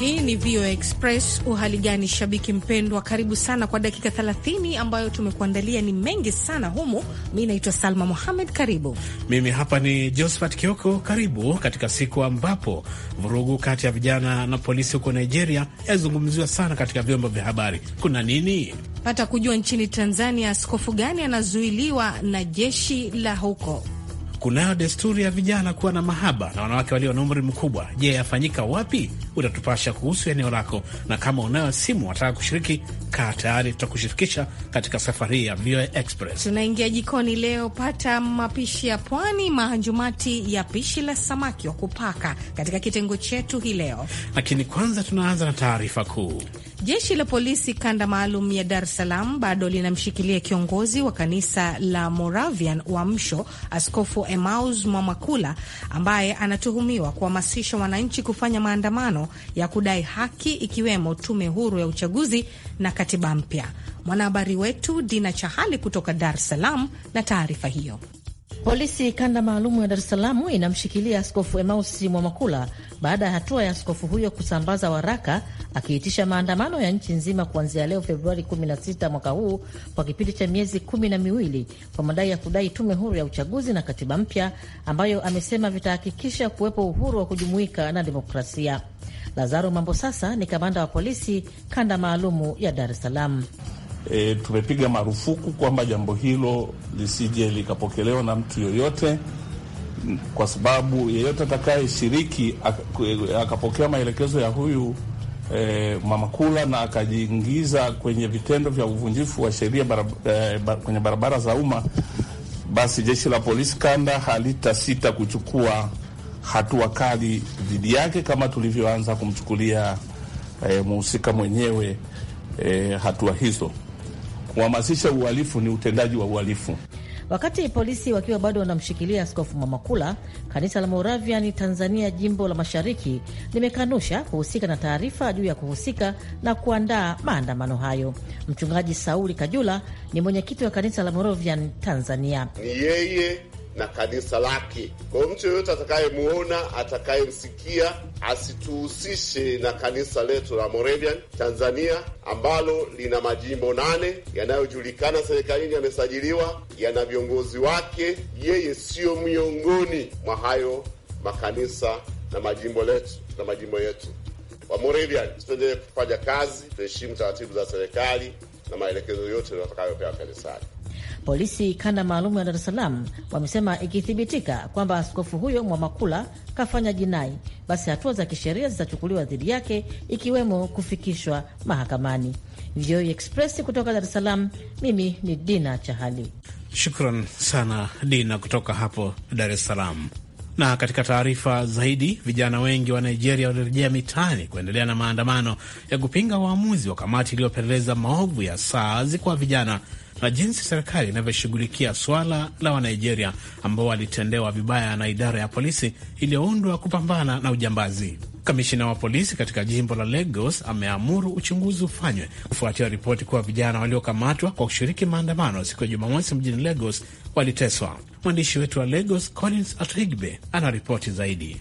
Hii ni VOA Express. Uhali gani shabiki mpendwa, karibu sana kwa dakika 30 ambayo tumekuandalia. Ni mengi sana humu. Mi naitwa Salma Mohamed, karibu. Mimi hapa ni Josephat Kioko, karibu katika siku ambapo vurugu kati ya vijana na polisi huko Nigeria yazungumziwa sana katika vyombo vya habari. Kuna nini? Pata kujua nchini Tanzania askofu gani anazuiliwa na jeshi la huko kunayo desturi ya vijana kuwa na mahaba na wanawake walio na umri mkubwa. Je, yafanyika wapi? Utatupasha kuhusu eneo lako, na kama unayo simu wataka kushiriki, kaa tayari, tutakushirikisha katika safari ya VOA Express. Tunaingia jikoni leo, pata mapishi ya pwani, mahanjumati ya pishi la samaki wa kupaka katika kitengo chetu hii leo, lakini kwanza tunaanza na taarifa kuu. Jeshi la polisi kanda maalum ya Dar es Salaam bado linamshikilia kiongozi wa kanisa la Moravian Uamsho, Askofu Emaus Mwamakula, ambaye anatuhumiwa kuhamasisha wananchi kufanya maandamano ya kudai haki, ikiwemo tume huru ya uchaguzi na katiba mpya. Mwanahabari wetu Dina Chahali kutoka Dar es Salaam na taarifa hiyo. Polisi kanda maalumu ya Dar es Salaam inamshikilia Askofu Emausi Mwamakula baada ya hatua ya askofu huyo kusambaza waraka akiitisha maandamano ya nchi nzima kuanzia leo Februari 16 mwaka huu kwa kipindi cha miezi kumi na miwili kwa madai ya kudai tume huru ya uchaguzi na katiba mpya ambayo amesema vitahakikisha kuwepo uhuru wa kujumuika na demokrasia. Lazaro Mambo sasa ni kamanda wa polisi kanda maalumu ya Dar es Salaam. E, tumepiga marufuku kwamba jambo hilo lisije likapokelewa na mtu yoyote, kwa sababu yeyote atakayeshiriki akapokea maelekezo ya huyu e, mama Kula na akajiingiza kwenye vitendo vya uvunjifu wa sheria barab e, bar kwenye barabara za umma, basi jeshi la polisi kanda halitasita kuchukua hatua kali dhidi yake kama tulivyoanza kumchukulia e, muhusika mwenyewe e, hatua hizo kuhamasisha uhalifu ni utendaji wa uhalifu. Wakati polisi wakiwa bado wanamshikilia Askofu Mamakula, kanisa la Moravian Tanzania jimbo la Mashariki limekanusha kuhusika na taarifa juu ya kuhusika na kuandaa maandamano hayo. Mchungaji Sauli Kajula ni mwenyekiti wa kanisa la Moravian Tanzania. Yeye na kanisa lake. Kwa hiyo mtu yoyote atakayemwona, atakayemsikia asituhusishe na kanisa letu la Moravian Tanzania ambalo lina majimbo nane yanayojulikana serikalini, yamesajiliwa, yana viongozi wake. Yeye siyo miongoni mwa hayo makanisa na majimbo letu na majimbo yetu. Wamoravian tuendelee kufanya kazi, tuheshimu taratibu za serikali na maelekezo yote watakayopewa kanisani. Polisi kanda maalum ya Dar es Salaam wamesema ikithibitika kwamba askofu huyo Mwamakula kafanya jinai, basi hatua za kisheria zitachukuliwa dhidi yake, ikiwemo kufikishwa mahakamani. VOA Express kutoka Dar es Salaam, mimi ni Dina Chahali. Shukran sana Dina kutoka hapo Dar es Salaam. Na katika taarifa zaidi, vijana wengi wa Nigeria walirejea mitaani kuendelea na maandamano ya kupinga uamuzi wa kamati iliyopeleleza maovu ya SARS kwa vijana na jinsi serikali inavyoshughulikia swala la Wanigeria ambao walitendewa vibaya na idara ya polisi iliyoundwa kupambana na ujambazi. Kamishina wa polisi katika jimbo la Lagos ameamuru uchunguzi ufanywe kufuatia ripoti kuwa vijana waliokamatwa kwa kushiriki maandamano siku ya Jumamosi mjini Lagos waliteswa. Mwandishi wetu wa Lagos Collins atrigbe ana ripoti zaidi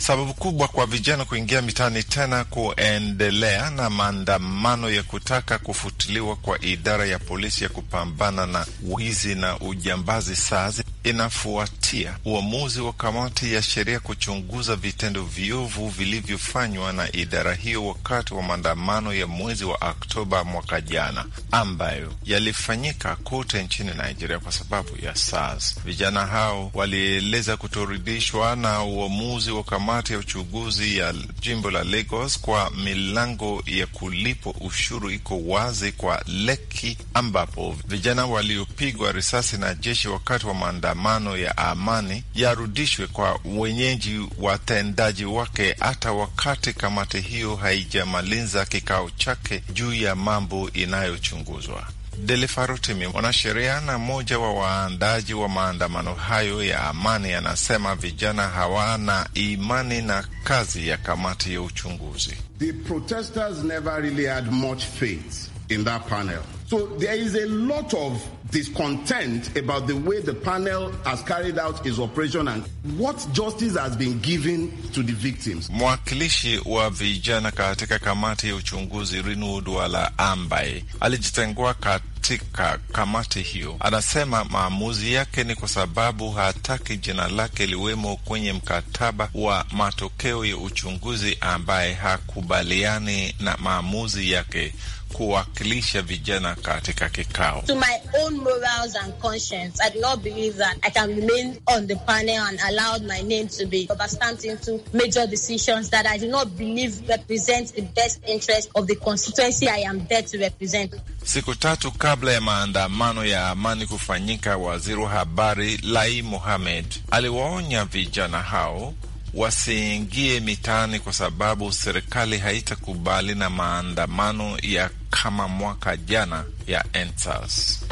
sababu kubwa kwa vijana kuingia mitaani tena kuendelea na maandamano ya kutaka kufutiliwa kwa idara ya polisi ya kupambana na wizi na ujambazi sazi inafuatia uamuzi wa kamati ya sheria kuchunguza vitendo viovu vilivyofanywa na idara hiyo wakati wa maandamano ya mwezi wa Oktoba mwaka jana, ambayo yalifanyika kote nchini Nigeria kwa sababu ya SARS. Vijana hao walieleza kutoridhishwa na uamuzi wa kamati kamati ya uchunguzi ya jimbo la Lagos kwa milango ya kulipo ushuru iko wazi kwa Lekki, ambapo vijana waliopigwa risasi na jeshi wakati wa maandamano ya amani yarudishwe kwa wenyeji watendaji wake, hata wakati kamati hiyo haijamaliza kikao chake juu ya mambo inayochunguzwa. Delifarutimi, mwanasheria na mmoja wa waandaji wa maandamano hayo ya amani, anasema vijana hawana imani na kazi ya kamati ya uchunguzi. The protesters never really had much faith in that panel. So there is a lot of discontent about the way the panel has carried out its operation and what justice has been given to the victims. Mwakilishi wa vijana katika kamati ya uchunguzi Rinu wala ambaye alijitengua katika kamati hiyo anasema maamuzi yake ni kwa sababu hataki jina lake liwemo kwenye mkataba wa matokeo ya uchunguzi ambaye hakubaliani na maamuzi yake kuwakilisha vijana katika kikao. To my own morals and conscience, I do not believe that I can remain on the panel and my name to be overstamped into major decisions that I do not believe represent the best interest of the constituency I am there to represent. Siku tatu kabla ya maandamano ya amani kufanyika, waziri wa habari Lai Mohamed aliwaonya vijana hao wasiingie mitaani kwa sababu serikali haitakubali na maandamano ya kama mwaka jana ya ensas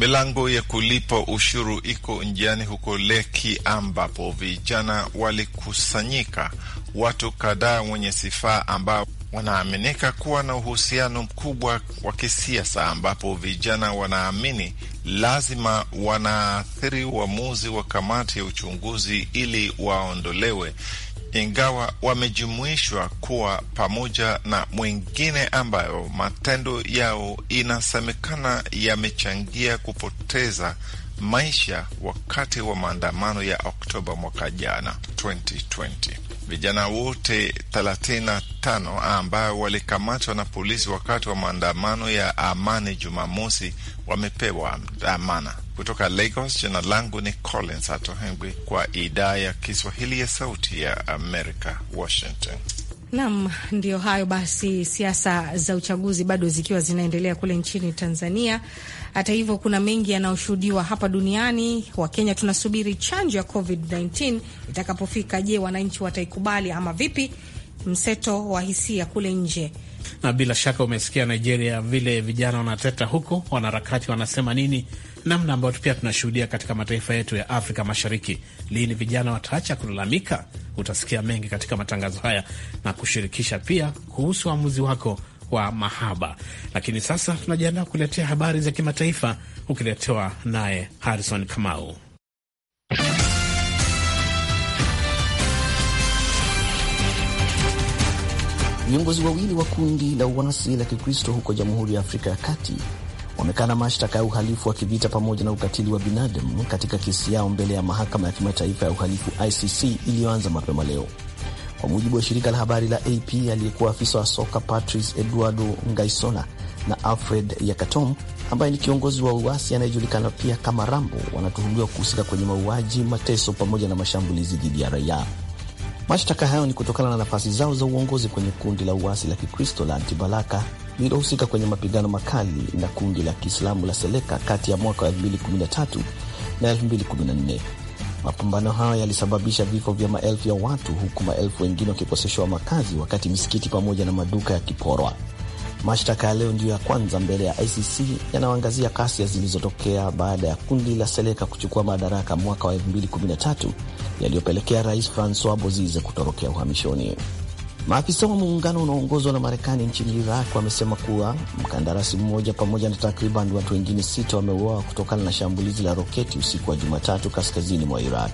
Milango ya kulipa ushuru iko njiani huko Leki, ambapo vijana walikusanyika, watu kadhaa wenye sifa ambao wanaaminika kuwa na uhusiano mkubwa wa kisiasa, ambapo vijana wanaamini lazima wanaathiri uamuzi wa, kamati ya uchunguzi ili waondolewe, ingawa wamejumuishwa kuwa pamoja na mwingine ambayo matendo yao inasemekana yamechangia kupoteza maisha wakati wa maandamano ya Oktoba mwaka jana 2020 vijana wote 35 ambao walikamatwa na polisi wakati wa maandamano ya amani Jumamosi wamepewa dhamana. Kutoka Lagos, jina langu ni Collins Atohengwi kwa idhaa ya Kiswahili ya Sauti ya Amerika, Washington. Nam, ndio hayo basi. Siasa za uchaguzi bado zikiwa zinaendelea kule nchini Tanzania. Hata hivyo, kuna mengi yanayoshuhudiwa hapa duniani. Wakenya tunasubiri chanjo ya COVID-19 itakapofika. Je, wananchi wataikubali ama vipi? Mseto wa hisia kule nje na bila shaka umesikia Nigeria vile vijana wanateta huko, wanaharakati wanasema nini? namna ambayo pia tunashuhudia katika mataifa yetu ya Afrika Mashariki. Lini vijana wataacha kulalamika? Utasikia mengi katika matangazo haya na kushirikisha pia kuhusu uamuzi wako wa mahaba. Lakini sasa tunajiandaa kuletea habari za kimataifa, ukiletewa naye Harrison Kamau. Viongozi wawili wa kundi la uasi la Kikristo huko Jamhuri ya Afrika ya Kati wamekana mashtaka ya uhalifu wa kivita pamoja na ukatili wa binadamu katika kesi yao mbele ya mahakama ya kimataifa ya uhalifu ICC iliyoanza mapema leo. Kwa mujibu wa shirika la habari la AP, aliyekuwa afisa wa soka Patrice Eduardo Ngaisona na Alfred Yakatom ambaye ni kiongozi wa uasi anayejulikana pia kama Rambo wanatuhumiwa kuhusika kwenye mauaji, mateso pamoja na mashambulizi dhidi ya raia. Mashtaka hayo ni kutokana na nafasi zao za uongozi kwenye kundi la uasi la Kikristo la Antibalaka lililohusika kwenye mapigano makali na kundi la Kiislamu la Seleka kati ya mwaka wa 2013 na 2014. Mapambano hayo yalisababisha vifo vya maelfu ya watu huku maelfu wengine wakikoseshwa makazi, wakati misikiti pamoja na maduka yakiporwa. Mashtaka ya leo ndiyo ya kwanza mbele ya ICC yanayoangazia kasia zilizotokea baada ya kundi la Seleka kuchukua madaraka mwaka wa 2013 yaliyopelekea Rais Francois Bozize kutorokea uhamishoni. Maafisa wa muungano unaoongozwa na Marekani nchini Iraq wamesema kuwa mkandarasi mmoja pamoja na takriban watu wengine sita wameuawa kutokana na shambulizi la roketi usiku wa Jumatatu kaskazini mwa Iraq.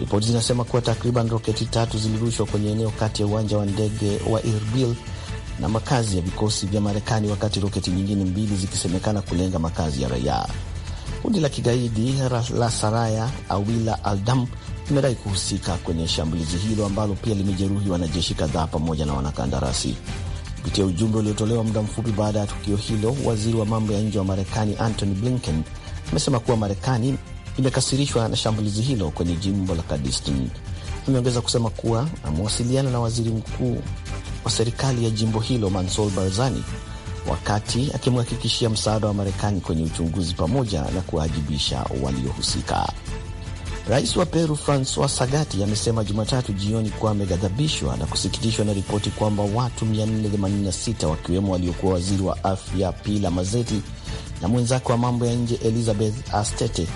Ripoti zinasema kuwa takriban roketi tatu zilirushwa kwenye eneo kati ya uwanja wa ndege wa Irbil na makazi ya vikosi vya Marekani, wakati roketi nyingine mbili zikisemekana kulenga makazi ya raia. Kundi la kigaidi la Saraya Awila Aldam imedai kuhusika kwenye shambulizi hilo ambalo pia limejeruhi wanajeshi kadhaa pamoja na wanakandarasi. Kupitia ujumbe uliotolewa muda mfupi baada ya tukio hilo, waziri wa mambo ya nje wa Marekani Antony Blinken amesema kuwa Marekani imekasirishwa na shambulizi hilo kwenye jimbo la Kurdistan. Ameongeza kusema kuwa amewasiliana na waziri mkuu wa serikali ya jimbo hilo Mansur Barzani wakati akimhakikishia msaada wa Marekani kwenye uchunguzi pamoja na kuwaajibisha waliohusika. Rais wa Peru Francois Sagasti amesema Jumatatu jioni kuwa ameghadhabishwa na kusikitishwa na ripoti kwamba watu 486 wakiwemo waliokuwa waziri wa afya Pilar mazeti na mwenzake wa mambo ya nje Elizabeth Astete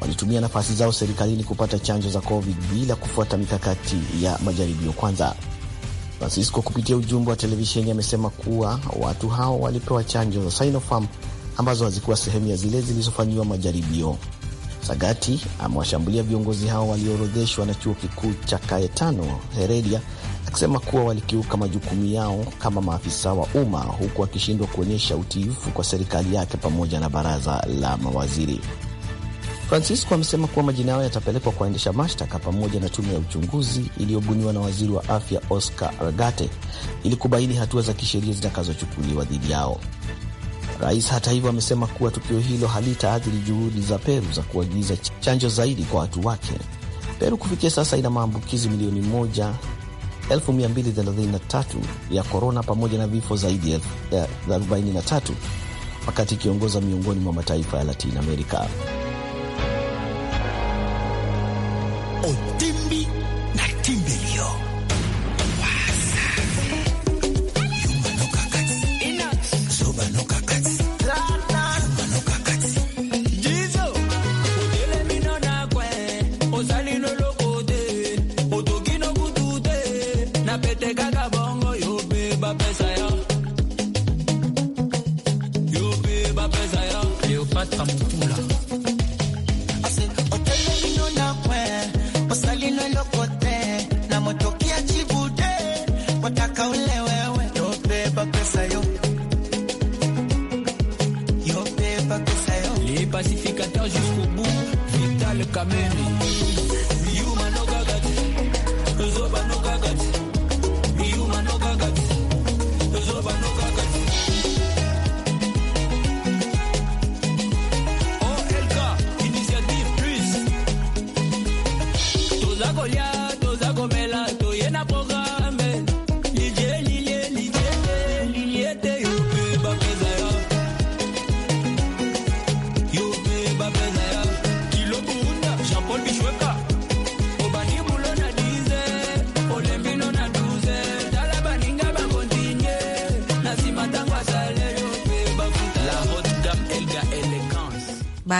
walitumia nafasi zao serikalini kupata chanjo za COVID bila kufuata mikakati ya majaribio kwanza. Francisco kupitia ujumbe wa televisheni amesema kuwa watu hao walipewa chanjo za Sinopharm ambazo hazikuwa sehemu ya zile zilizofanyiwa majaribio Sagati amewashambulia viongozi hao walioorodheshwa na chuo kikuu cha Cayetano Heredia akisema kuwa walikiuka majukumu yao kama maafisa wa umma huku akishindwa kuonyesha utiifu kwa serikali yake pamoja na baraza la mawaziri. Francisco amesema kuwa majina yao yatapelekwa kwa waendesha mashtaka pamoja na tume ya uchunguzi iliyobuniwa na waziri wa afya Oscar Ragate ili kubaini hatua za kisheria zitakazochukuliwa dhidi yao. Rais hata hivyo amesema kuwa tukio hilo halitaathiri juhudi za Peru za kuagiza chanjo zaidi kwa watu wake. Peru kufikia sasa ina maambukizi milioni moja 1233 ya korona pamoja na vifo zaidi ya 43 wakati ikiongoza miongoni mwa mataifa ya Latin Amerika.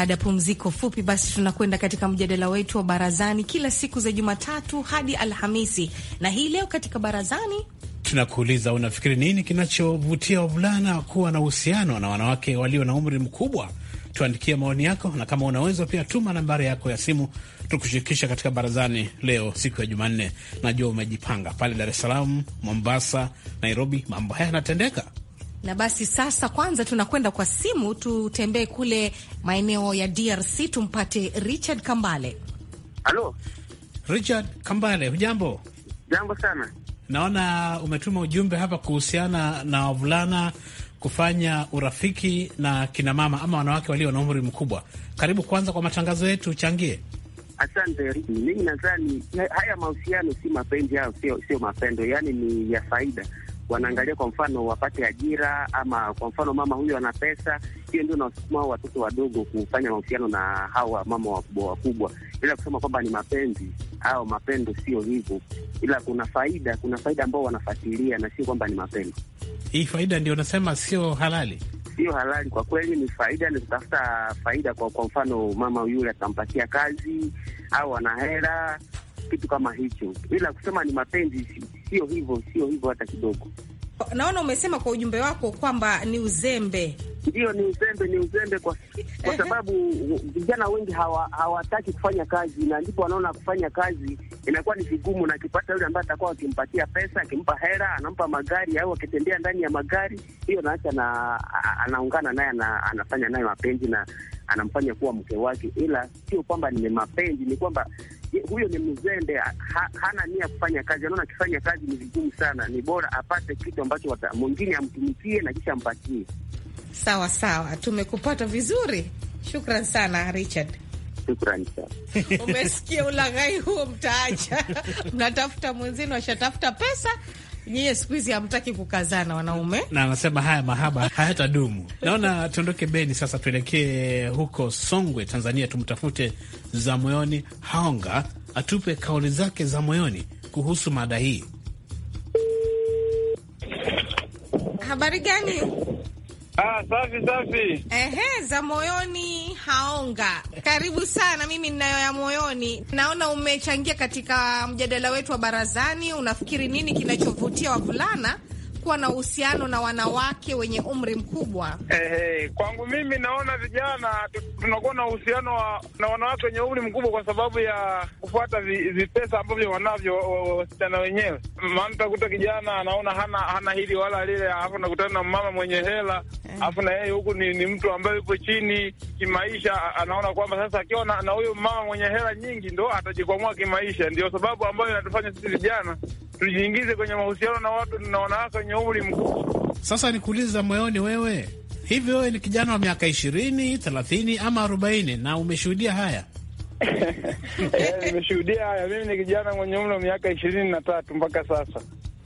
Baada ya pumziko fupi, basi tunakwenda katika mjadala wetu wa barazani kila siku za Jumatatu hadi Alhamisi, na hii leo katika barazani tunakuuliza, unafikiri nini kinachovutia wavulana kuwa na uhusiano na wanawake walio na umri mkubwa? Tuandikie maoni yako, na kama unaweza pia tuma nambari yako ya simu tukushirikisha katika barazani leo siku ya Jumanne. Najua umejipanga pale Dar es Salaam, Mombasa, Nairobi, mambo haya yanatendeka. Na basi sasa, kwanza tunakwenda kwa simu, tutembee kule maeneo ya DRC tumpate Richard Kambale. Halo Richard Kambale, hujambo? Jambo sana. Naona umetuma ujumbe hapa kuhusiana na wavulana kufanya urafiki na kinamama ama wanawake walio na umri mkubwa. Karibu kwanza kwa matangazo yetu, uchangie. Asante. Mimi nadhani haya mahusiano si mapenzi, hayo sio mapendo, yani ni ya faida, wanaangalia kwa mfano wapate ajira, ama kwa mfano mama huyo ana pesa. Hiyo ndio nawasukuma hao watoto wadogo kufanya mahusiano na hawa mama wakubwa wakubwa, ila kusema kwamba ni mapenzi au mapendo, sio hivyo, ila kuna faida, kuna faida ambao wanafuatilia na sio kwamba ni mapendo. Hii faida ndio nasema sio halali sio halali kwa kweli, ni faida, ni kutafuta faida. Kwa kwa mfano mama yule atampatia kazi au ana hela, kitu kama hicho, ila kusema ni mapenzi sio hivyo, sio hivyo hata kidogo. Naona umesema kwa ujumbe wako kwamba ni uzembe. ndio ni uzembe, ni uzembe kwa, kwa sababu vijana wengi hawataki kufanya kazi, na ndipo wanaona kufanya kazi inakuwa ni vigumu, na akipata yule ambaye atakuwa akimpatia pesa, akimpa hera, anampa magari au akitembea ndani ya magari, hiyo naacha na anaungana naye na anafanya naye mapenzi na anamfanya kuwa mke wake, ila sio kwamba ni mapenzi, ni kwamba huyo ni mzembe, ha, hana nia kufanya kazi, anaona akifanya kazi ni vigumu sana. Ni bora apate kitu ambacho mwingine amtumikie na kisha ampatie. Sawa sawa, tumekupata vizuri, shukran sana Richard. sana. Umesikia ulaghai huo, mtaacha mnatafuta mwenzenu, ashatafuta pesa Nyie siku hizi hamtaki kukazana wanaume, na anasema haya mahaba hayatadumu. Naona tuondoke Beni sasa, tuelekee huko Songwe, Tanzania, tumtafute za moyoni Haonga atupe kauli zake za moyoni kuhusu mada hii. Habari gani? Ah, safi safi. Ehe, za moyoni haonga. Karibu sana, mimi ninayo ya moyoni. Naona umechangia katika mjadala wetu wa barazani. Unafikiri nini kinachovutia wavulana kuwa na uhusiano na wanawake wenye umri mkubwa? Eh, eh, kwangu mimi naona vijana tunakuwa na uhusiano na wanawake wenye umri mkubwa kwa sababu ya kufuata vipesa ambavyo wanavyo wasichana wenyewe. Maana utakuta kijana anaona hana hana hili wala lile, alafu nakutana na mama mwenye hela, eh. alafu na yeye huku ni, ni mtu ambaye yupo chini kimaisha, anaona kwamba sasa akiwa na huyo mama mwenye hela nyingi ndo atajikwamua kimaisha. Ndio sababu ambayo inatufanya sisi vijana tujiingize kwenye mahusiano na watu na wanawake wenye kwenye mkubwa. Sasa nikuuliza moyoni, wewe hivi, wewe ni kijana wa miaka ishirini, thelathini ama arobaini na umeshuhudia haya? Eh, nimeshuhudia haya. Mimi ni kijana mwenye umri wa miaka ishirini na tatu mpaka sasa.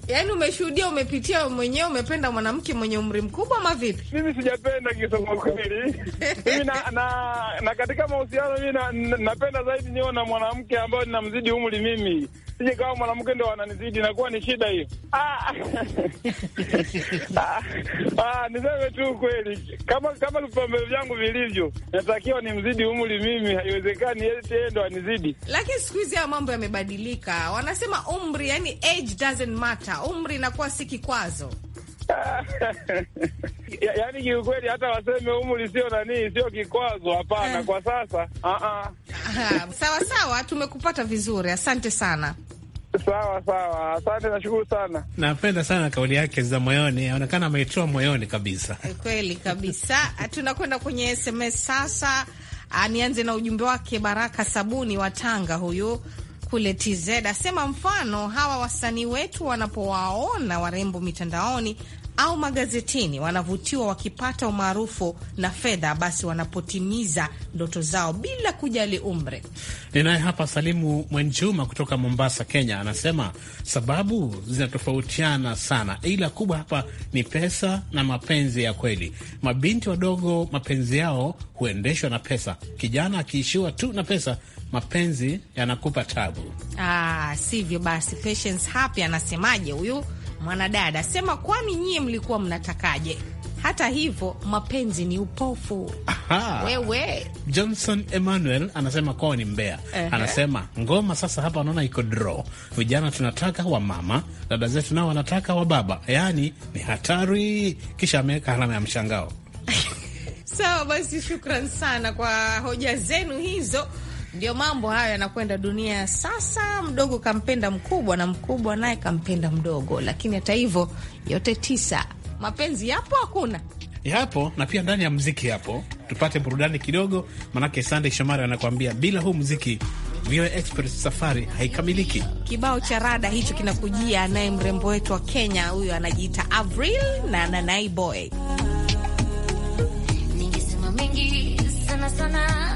Yaani umeshuhudia, umepitia mwenyewe, umependa mwanamke mwenye umri mkubwa ama vipi? Mimi sijapenda kisoma kweli. Mimi na, na, na katika mahusiano mimi napenda na zaidi niwe na mwanamke ambayo ninamzidi umri mimi sije kama mwanamke ndo wananizidi, nakuwa ni shida hiyo. Ah. Ah. Ah, niseme tu kweli, kama kama vipaumbele vyangu vilivyo, natakiwa nimzidi umri mimi, haiwezekani yeye ndo anizidi. Lakini siku hizi ya mambo yamebadilika, wanasema umri, yani age doesn't matter, umri inakuwa si kikwazo. yaani kiukweli hata waseme umri sio nanii, sio kikwazo. Hapana, kwa sasa sawa sawa, tumekupata vizuri, asante sana. Sawa sawa, asante, nashukuru sana. Napenda sana kauli yake za moyoni, aonekana ameitoa moyoni kabisa. Kweli kabisa. Tunakwenda kwenye SMS sasa. Ah, nianze na ujumbe wake Baraka Sabuni wa Tanga, huyu kule TZ asema mfano hawa wasanii wetu wanapowaona warembo mitandaoni au magazetini wanavutiwa wakipata umaarufu na fedha, basi wanapotimiza ndoto zao bila kujali umri. Ninaye hapa Salimu Mwenjuma kutoka Mombasa, Kenya, anasema sababu zinatofautiana sana, ila kubwa hapa ni pesa na mapenzi ya kweli. Mabinti wadogo mapenzi yao huendeshwa na pesa. Kijana akiishiwa tu na pesa, mapenzi yanakupa tabu. Ah, sivyo basi. Patience Happy anasemaje huyu? mwanadada, sema kwani nyie mlikuwa mnatakaje? Hata hivyo mapenzi ni upofu. Aha. Wewe Johnson Emmanuel anasema kwao ni Uh-huh. Anasema ngoma sasa hapa anaona iko draw, vijana tunataka wa mama, dada zetu nao wanataka wa baba, yaani ni hatari. Kisha ameweka alama ya mshangao. Sawa, so, basi shukran sana kwa hoja zenu hizo. Ndio mambo hayo yanakwenda dunia ya sasa. Mdogo kampenda mkubwa na mkubwa naye kampenda mdogo, lakini hata hivyo yote tisa, mapenzi yapo, hakuna yapo, na pia ndani ya mziki yapo. Tupate burudani kidogo, manake Sandey Shomari anakuambia bila huu mziki VOA Express safari haikamiliki. Kibao cha rada hicho kinakujia naye mrembo wetu wa Kenya, huyo anajiita Avril na Nanai Boy. Ningesema mengi sana sana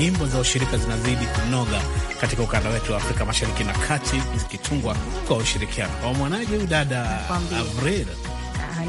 nyimbo za ushirika zinazidi kunoga katika ukanda wetu wa Afrika Mashariki na Kati, zikitungwa kwa ushirikiano wa mwanaji huyu dada Avril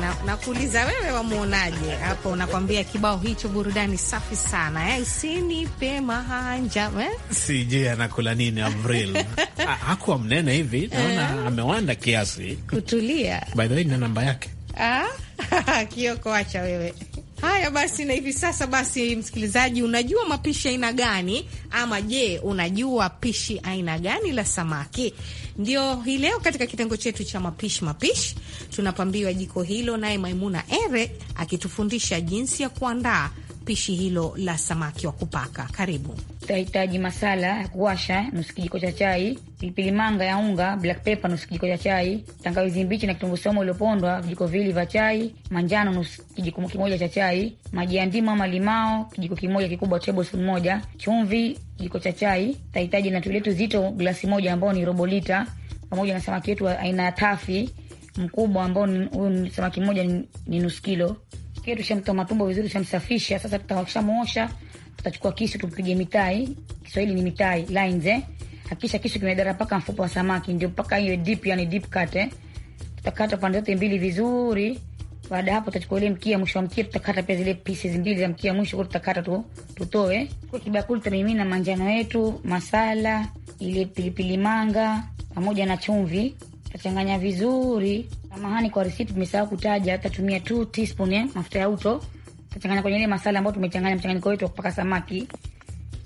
ah, nakuuliza na wewe wamwonaje hapo? nakwambia kibao hicho burudani safi sana eh? sinipe mahanja eh? Sijui anakula nini Avril? Ah, hakuwa mnene hivi, naona eh? amewanda kiasi kutulia. By the way, na namba yake ah, Kioko, acha wewe Haya basi, na hivi sasa basi, msikilizaji, unajua mapishi aina gani? Ama je, unajua pishi aina gani la samaki? Ndio hii leo katika kitengo chetu cha mapishi mapishi tunapambiwa jiko hilo, naye Maimuna Ere akitufundisha jinsi ya kuandaa pishi hilo la samaki wa kupaka. Karibu. Utahitaji masala ya kuwasha nusu kijiko cha chai, pilipili manga ya unga, black pepper nusu kijiko cha chai, tangawizi mbichi na kitunguu saumu iliyopondwa vijiko viwili vya chai, manjano nusu kijiko kimoja cha chai, maji ya ndimu ama limao kijiko kimoja kikubwa, tablespoon moja, chumvi kijiko cha chai. Utahitaji na tui letu zito glasi moja ambao ni robo lita, pamoja na samaki yetu aina ya tafi mkubwa ambao huyu samaki mmoja ni nusu kilo Kile tushamtoa matumbo vizuri, tushamsafisha. Sasa tutashamuosha, tutachukua kisu tupige mitai. Kiswahili ni mitai lines eh. Hakisha kisu kimedara mpaka mfupa wa samaki, ndio mpaka iwe deep, yani deep cut eh. Tutakata pande zote mbili vizuri. Baada hapo tutachukua ile mkia, mwisho wa mkia tutakata pia zile pieces mbili za mkia mwisho, kwa tutakata tu tutoe. Kwa kibakuli tutamimina manjano yetu, masala, ile pilipili manga pamoja na chumvi tachanganya vizuri. Samahani kwa risipi tumesahau kutaja, tatumia 2 teaspoon ya eh, mafuta ya uto, tachanganya kwenye ile masala ambayo tumechanganya mchanganyiko wetu wa kupaka samaki,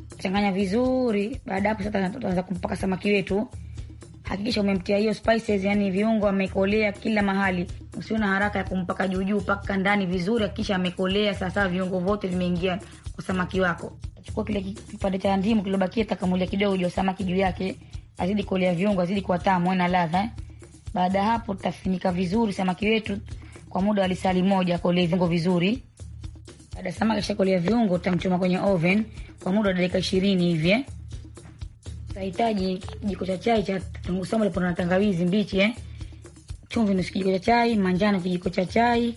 tachanganya vizuri. Baada hapo sasa tutaanza kupaka samaki wetu. Hakikisha umemtia hiyo spices, yani viungo amekolea kila mahali. Usiwe na haraka ya kumpaka juu juu, paka ndani vizuri, hakikisha amekolea sasa, viungo vyote vimeingia kwa samaki wako. Chukua kile kipande cha ndimu kilobakia, takamulia kidogo juu samaki juu yake, azidi kolea viungo, azidi kuwa tamu eh, na ladha. eh. Baada ya hapo, tutafinika vizuri samaki wetu kwa muda wa lisali moja kuolia viungo vizuri. Baada ya samaki kishakolia viungo, tutamchoma kwenye oven kwa muda wa dakika ishirini hivi. Eh. Tutahitaji kijiko cha chai cha kitunguu saumu na tangawizi mbichi eh? Chumvi nusu kijiko cha chai, manjano kijiko cha chai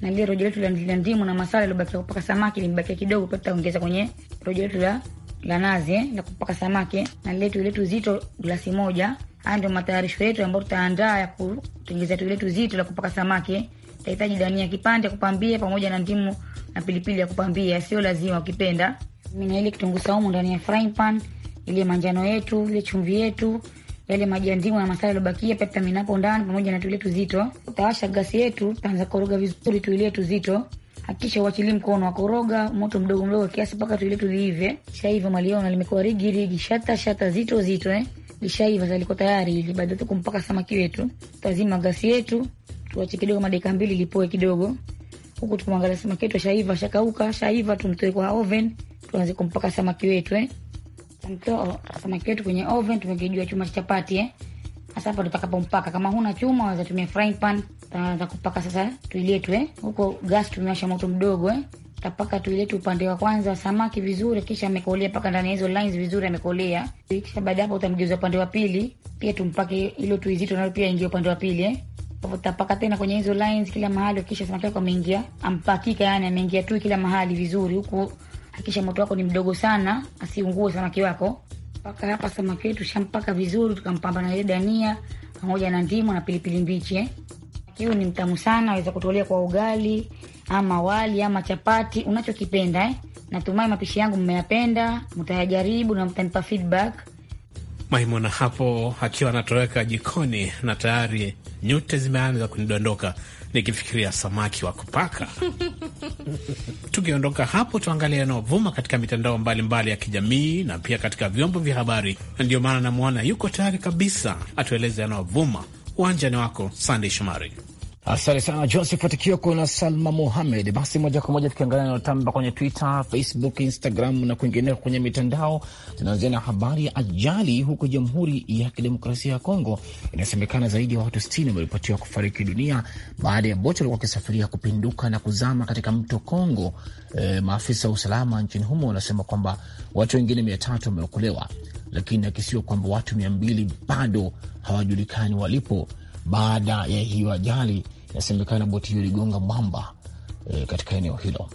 na lile rojo letu la ndimu na masala ilibaki kupaka samaki limebaki kidogo, pia tutaongeza kwenye rojo letu la la nazi eh, la kupaka samaki na lile letu zito glasi moja Haya ndio matayarisho yetu ambayo tutaandaa ya kutengeneza tu letu zito la kupaka samaki. Eh. Tahitaji dania kipande ya kupambia, pamoja na ndimu na pilipili ya kupambia, sio lazima ukipenda. Mimi na ile kitunguu saumu ndani ya frying pan, ile manjano yetu, ile chumvi yetu, yale maji ya ndimu na masala yaliyobakia pia tutaminapo ndani pamoja na tui letu zito. Tutawasha gasi yetu, tutaanza koroga vizuri tui letu zito. Hakikisha uachilie mkono wa koroga moto mdogo mdogo kiasi mpaka tui letu liive. Kisha hivyo maliona limekuwa rigi rigi, shata shata, zito zito eh lishaiva zaliko tayari hili. Baada ya kumpaka samaki wetu, tazima gasi yetu, tuache kidogo madeka mbili lipoe kidogo, huku tukimwangalia samaki wetu shaiva, shakauka, shaiva, tumtoe kwa oven, tuanze kumpaka samaki wetu eh. Tumtoa samaki wetu kwenye oven, tumekijua chuma cha chapati eh. Sasa hapo tutakapompaka, kama huna chuma unaweza tumia frying pan, tutaanza kupaka sasa, tuiletwe eh, huko gas tumewasha moto mdogo eh tapaka tuilete upande wa kwanza samaki vizuri, kisha amekolea paka ndani hizo lines vizuri, amekolea. Kisha baada hapo utamgeuza upande wa pili, pia tumpake ilo tuizito nalo pia ingie upande wa pili eh. Hapo tapaka tena kwenye hizo lines kila mahali, kisha samaki wako ameingia, ampakika, yani ameingia tu kila mahali vizuri, huku hakisha moto wako ni mdogo sana, asiungue samaki wako. Paka hapa samaki wetu shampaka vizuri, tukampamba na ile dania pamoja na ndimu na pilipili mbichi eh. Kiu ni mtamu sana, aweza kutolea kwa ugali ama wali ama chapati, unachokipenda eh? Natumai mapishi yangu mmeyapenda, mtayajaribu na mtanipa feedback. Maimuna hapo akiwa anatoweka jikoni na tayari nyute zimeanza kunidondoka nikifikiria samaki wa kupaka. Tukiondoka hapo, tuangalie yanayovuma katika mitandao mbalimbali mbali ya kijamii na pia katika vyombo vya habari, na maana namwona yuko tayari kabisa atueleze yanayovuma. Uwanja ni wako, Sandey Shomari. Asante sana Joseph Atikioko na Salma muhamed Basi moja kwa moja tukiangalia yanayotamba kwenye Twitter, Facebook, Instagram na kwingineko kwenye mitandao, tunaanzia na habari ya ajali huko Jamhuri ya Kidemokrasia ya Kongo. Inasemekana zaidi ya watu sitini wameripotiwa kufariki dunia baada ya boti walikuwa wakisafiria kupinduka na kuzama katika mto Kongo. E, maafisa wa usalama nchini humo wanasema kwamba watu wengine mia tatu wameokolewa, lakini akisiwa kwamba watu mia mbili bado hawajulikani walipo baada ya hiyo ajali. Inasemekana boti hiyo iligonga mwamba e, katika eneo hilo.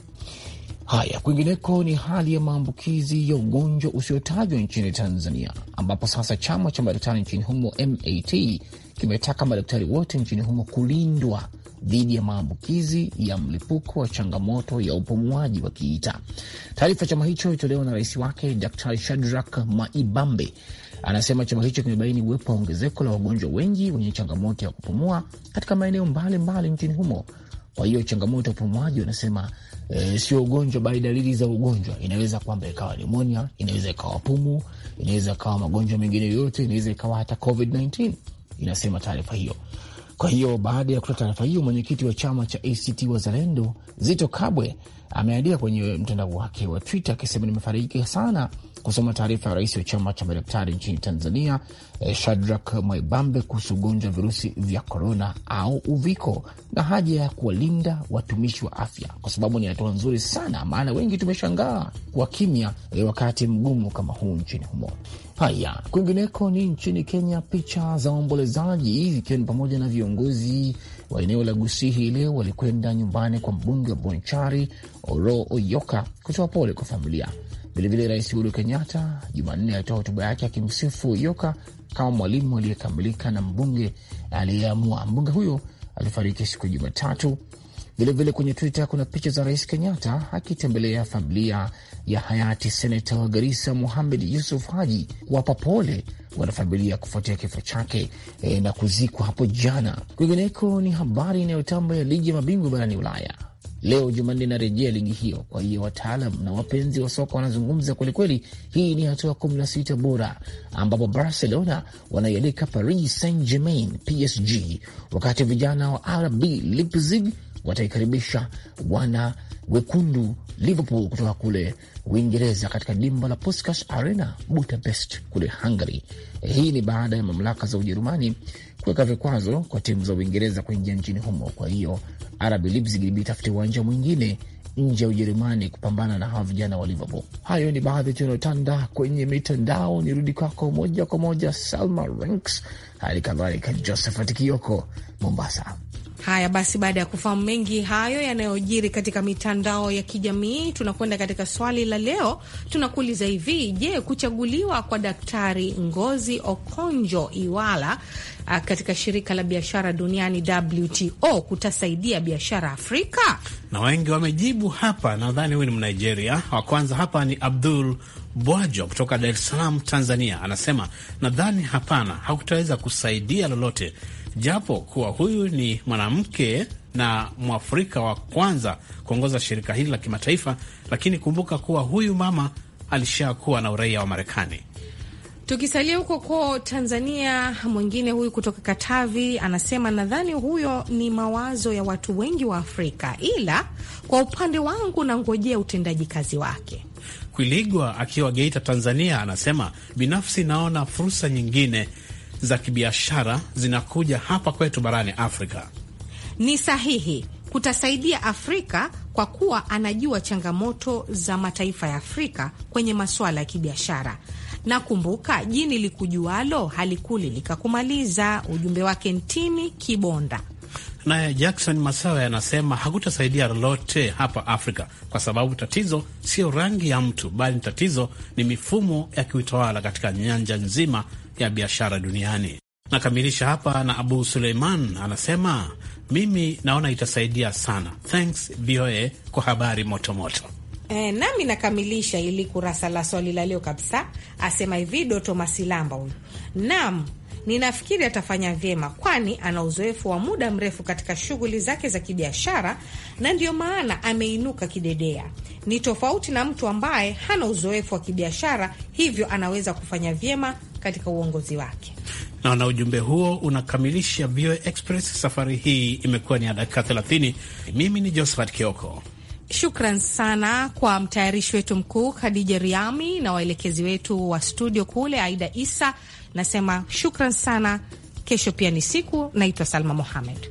Haya, kwingineko ni hali ya maambukizi ya ugonjwa usiotajwa nchini Tanzania, ambapo sasa chama cha madaktari nchini humo MAT kimetaka madaktari wote nchini humo kulindwa dhidi ya maambukizi ya mlipuko wa changamoto ya upumuaji wa kiita. Taarifa chama hicho ilitolewa na rais wake Daktari Shadrack Maibambe Anasema chama hicho kimebaini uwepo wa ongezeko la wagonjwa wengi wenye changamoto ya kupumua katika maeneo mbalimbali nchini humo. Kwa hiyo changamoto ya upumuaji wanasema e, sio ugonjwa bali dalili za ugonjwa. Inaweza kwamba ikawa nimonia, inaweza ikawa pumu, inaweza ikawa magonjwa mengine yoyote, inaweza ikawa hata COVID-19, inasema taarifa hiyo. Kwa hiyo baada ya kutoa taarifa hiyo, mwenyekiti wa chama cha ACT Wazalendo Zito Kabwe ameandika kwenye mtandao wake wa Twitter akisema, nimefariki sana kusoma taarifa ya rais wa chama cha madaktari nchini Tanzania eh, Shadrack Mwaibambe kuhusu ugonjwa wa virusi vya korona au uviko na haja ya kuwalinda watumishi wa afya, kwa sababu ni hatua nzuri sana, maana wengi tumeshangaa kwa kimya eh, wakati mgumu kama huu nchini humo. Haya, kwingineko ni nchini Kenya, picha za waombolezaji zikiwa ni pamoja na viongozi wa eneo la Gusii hii leo walikwenda nyumbani kwa mbunge wa Bonchari Oro Oyoka kutoa pole kwa familia Vilevile, Rais Uhuru Kenyatta Jumanne alitoa hotuba yake akimsifu Yoka kama mwalimu aliyekamilika na mbunge aliyeamua. Mbunge huyo alifariki siku ya Jumatatu. Vilevile kwenye Twitter kuna picha za Rais Kenyatta akitembelea familia ya hayati seneta wa Garisa Muhamed Yusuf Haji kuwapa pole wanafamilia kufuatia kifo chake e, na kuzikwa hapo jana. Kwingineko ni habari inayotamba ya ligi ya mabingwa barani Ulaya leo Jumanne inarejea ligi hiyo. Kwa hiyo wataalam na wapenzi wa soka wanazungumza kwelikweli. Hii ni hatua sita bora ambapo Barcelona wanaialika Paris Saint Germain PSG, wakati vijana wa RB Leipzig wataikaribisha wana wekundu Liverpool kutoka kule Uingereza katika dimba la Puskas Arena Budapest kule Hungary. Hii ni baada ya mamlaka za Ujerumani kuweka vikwazo kwa timu za Uingereza kuingia nchini humo. Kwa hiyo RB Leipzig uwanja mwingine nje ya Ujerumani kupambana na hawa vijana wa Liverpool. Hayo ni baadhi tu yanayotanda kwenye mitandao. Nirudi kwako moja kwa moja, Salma Ranks, hali kadhalika Josephat Kioko, Mombasa. Haya basi, baada ya kufahamu mengi hayo yanayojiri katika mitandao ya kijamii, tunakwenda katika swali la leo. Tunakuuliza hivi, je, kuchaguliwa kwa Daktari Ngozi Okonjo iwala ah, katika shirika la biashara duniani WTO kutasaidia biashara Afrika? Na wengi wamejibu hapa. Nadhani huyu ni Mnigeria wa kwanza hapa ni Abdul Bwajwa kutoka Dar es Salaam, Tanzania, anasema nadhani hapana, hakutaweza kusaidia lolote, japo kuwa huyu ni mwanamke na mwafrika wa kwanza kuongoza shirika hili la kimataifa, lakini kumbuka kuwa huyu mama alishakuwa na uraia wa Marekani. Tukisalia huko ko Tanzania, mwingine huyu kutoka Katavi anasema nadhani huyo ni mawazo ya watu wengi wa Afrika, ila kwa upande wangu nangojea utendaji kazi wake. Kwiligwa akiwa Geita, Tanzania, anasema binafsi naona fursa nyingine za kibiashara zinakuja hapa kwetu barani Afrika. Ni sahihi kutasaidia Afrika kwa kuwa anajua changamoto za mataifa ya Afrika kwenye masuala ya kibiashara. nakumbuka jini likujualo halikuli likakumaliza. Ujumbe wake Ntini Kibonda Naye Jackson Masawe anasema hakutasaidia lolote hapa Afrika kwa sababu tatizo sio rangi ya mtu, bali tatizo ni mifumo ya kiutawala katika nyanja nzima ya biashara duniani. Nakamilisha hapa na Abu Suleiman anasema mimi naona itasaidia sana. Thanks VOA kwa habari motomoto E, nami nakamilisha ili kurasa la swali la leo kabisa. Asema hivi Doto Masilamba huyu nam Ninafikiri atafanya vyema, kwani ana uzoefu wa muda mrefu katika shughuli zake za kibiashara, na ndiyo maana ameinuka kidedea. Ni tofauti na mtu ambaye hana uzoefu wa kibiashara, hivyo anaweza kufanya vyema katika uongozi wake. Na na ujumbe huo unakamilisha VOA Express. Safari hii imekuwa ni ya dakika 30. Mimi ni Josephat Kioko. Shukran sana kwa mtayarishi wetu mkuu Khadija Riami na waelekezi wetu wa studio kule Aida Isa. Nasema shukran sana. Kesho pia ni siku. Naitwa Salma Mohamed.